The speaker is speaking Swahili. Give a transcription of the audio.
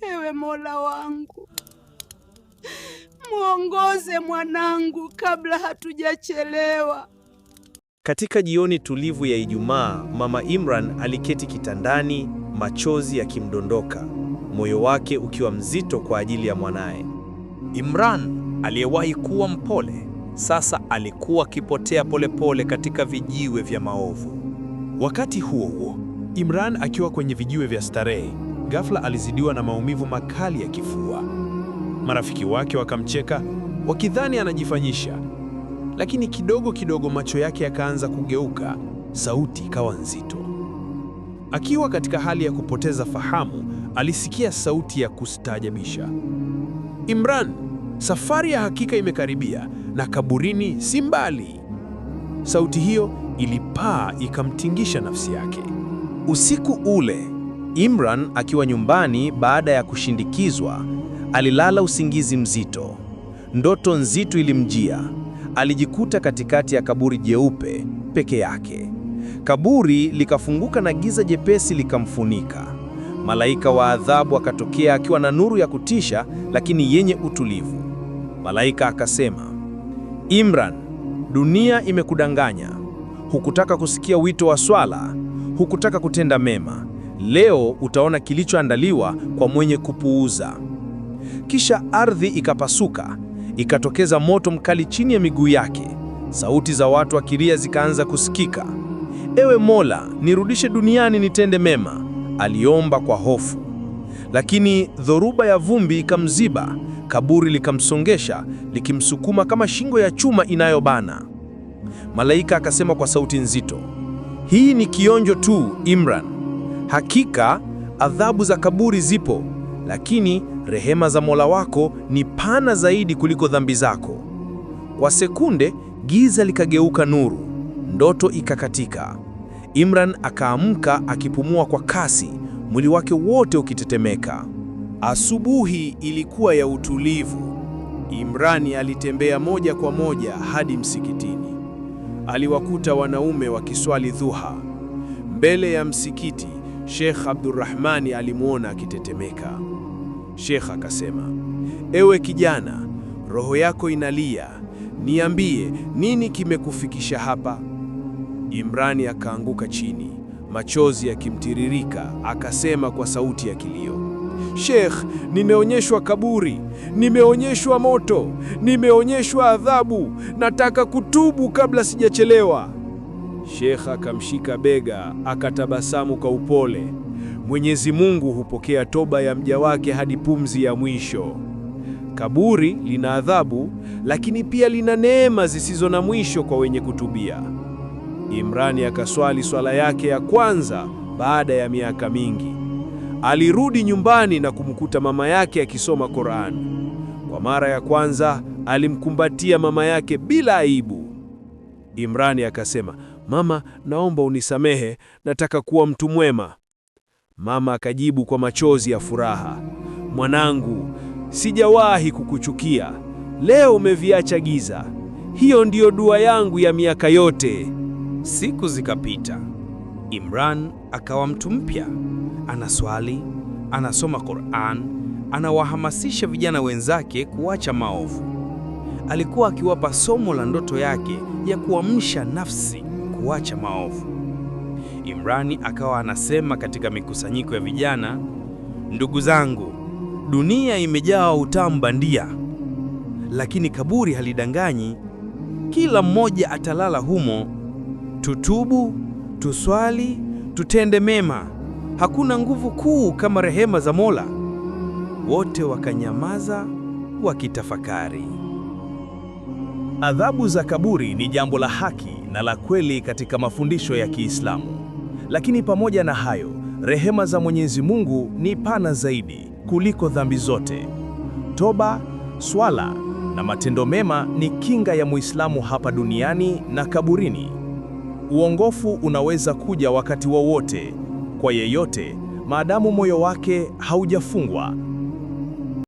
Ewe Mola wangu, mwongoze mwanangu kabla hatujachelewa. Katika jioni tulivu ya Ijumaa, Mama Imran aliketi kitandani, machozi yakimdondoka, moyo wake ukiwa mzito kwa ajili ya mwanaye. Imran aliyewahi kuwa mpole sasa alikuwa akipotea polepole katika vijiwe vya maovu. Wakati huo huo, Imran akiwa kwenye vijiwe vya starehe ghafla alizidiwa na maumivu makali ya kifua. Marafiki wake wakamcheka wakidhani anajifanyisha, lakini kidogo kidogo macho yake yakaanza kugeuka, sauti ikawa nzito. Akiwa katika hali ya kupoteza fahamu, alisikia sauti ya kustaajabisha, Imran, safari ya hakika imekaribia na kaburini si mbali. Sauti hiyo ilipaa ikamtingisha nafsi yake. Usiku ule Imran akiwa nyumbani baada ya kushindikizwa, alilala usingizi mzito. Ndoto nzito ilimjia. Alijikuta katikati ya kaburi jeupe peke yake. Kaburi likafunguka na giza jepesi likamfunika. Malaika wa adhabu akatokea akiwa na nuru ya kutisha lakini yenye utulivu. Malaika akasema, Imran, dunia imekudanganya. Hukutaka kusikia wito wa swala, hukutaka kutenda mema. Leo utaona kilichoandaliwa kwa mwenye kupuuza. Kisha ardhi ikapasuka, ikatokeza moto mkali chini ya miguu yake. Sauti za watu akilia zikaanza kusikika. Ewe Mola, nirudishe duniani nitende mema, aliomba kwa hofu. Lakini dhoruba ya vumbi ikamziba, kaburi likamsongesha, likimsukuma kama shingo ya chuma inayobana. Malaika akasema kwa sauti nzito, hii ni kionjo tu, Imran. Hakika adhabu za kaburi zipo, lakini rehema za Mola wako ni pana zaidi kuliko dhambi zako. Kwa sekunde giza likageuka nuru, ndoto ikakatika. Imran akaamka akipumua kwa kasi, mwili wake wote ukitetemeka. Asubuhi ilikuwa ya utulivu. Imrani alitembea moja kwa moja hadi msikitini. Aliwakuta wanaume wakiswali dhuha mbele ya msikiti. Sheikh Abdurrahmani alimwona akitetemeka. Sheikh akasema, ewe kijana, roho yako inalia, niambie nini kimekufikisha hapa? Imrani akaanguka chini, machozi yakimtiririka, akasema kwa sauti ya kilio, Sheikh, nimeonyeshwa kaburi, nimeonyeshwa moto, nimeonyeshwa adhabu. Nataka kutubu kabla sijachelewa shekha akamshika bega, akatabasamu kwa upole. Mwenyezi Mungu hupokea toba ya mja wake hadi pumzi ya mwisho. Kaburi lina adhabu, lakini pia lina neema zisizo na mwisho kwa wenye kutubia. Imrani akaswali swala yake ya kwanza baada ya miaka mingi. Alirudi nyumbani na kumkuta mama yake akisoma Qur'an. Kwa mara ya kwanza alimkumbatia mama yake bila aibu. Imrani akasema Mama, naomba unisamehe, nataka kuwa mtu mwema. Mama akajibu kwa machozi ya furaha, mwanangu, sijawahi kukuchukia. Leo umeviacha giza, hiyo ndiyo dua yangu ya miaka yote. Siku zikapita, Imran akawa mtu mpya, anaswali, anasoma Qur'an, anawahamasisha vijana wenzake kuacha maovu. Alikuwa akiwapa somo la ndoto yake ya kuamsha nafsi kuacha maovu. Imrani akawa anasema katika mikusanyiko ya vijana, ndugu zangu, dunia imejaa utamu bandia, lakini kaburi halidanganyi. Kila mmoja atalala humo. Tutubu, tuswali, tutende mema. Hakuna nguvu kuu kama rehema za Mola. Wote wakanyamaza wakitafakari. Adhabu za kaburi ni jambo la haki na la kweli katika mafundisho ya Kiislamu. Lakini pamoja na hayo, rehema za Mwenyezi Mungu ni pana zaidi kuliko dhambi zote. Toba, swala na matendo mema ni kinga ya Muislamu hapa duniani na kaburini. Uongofu unaweza kuja wakati wowote wa kwa yeyote, maadamu moyo wake haujafungwa.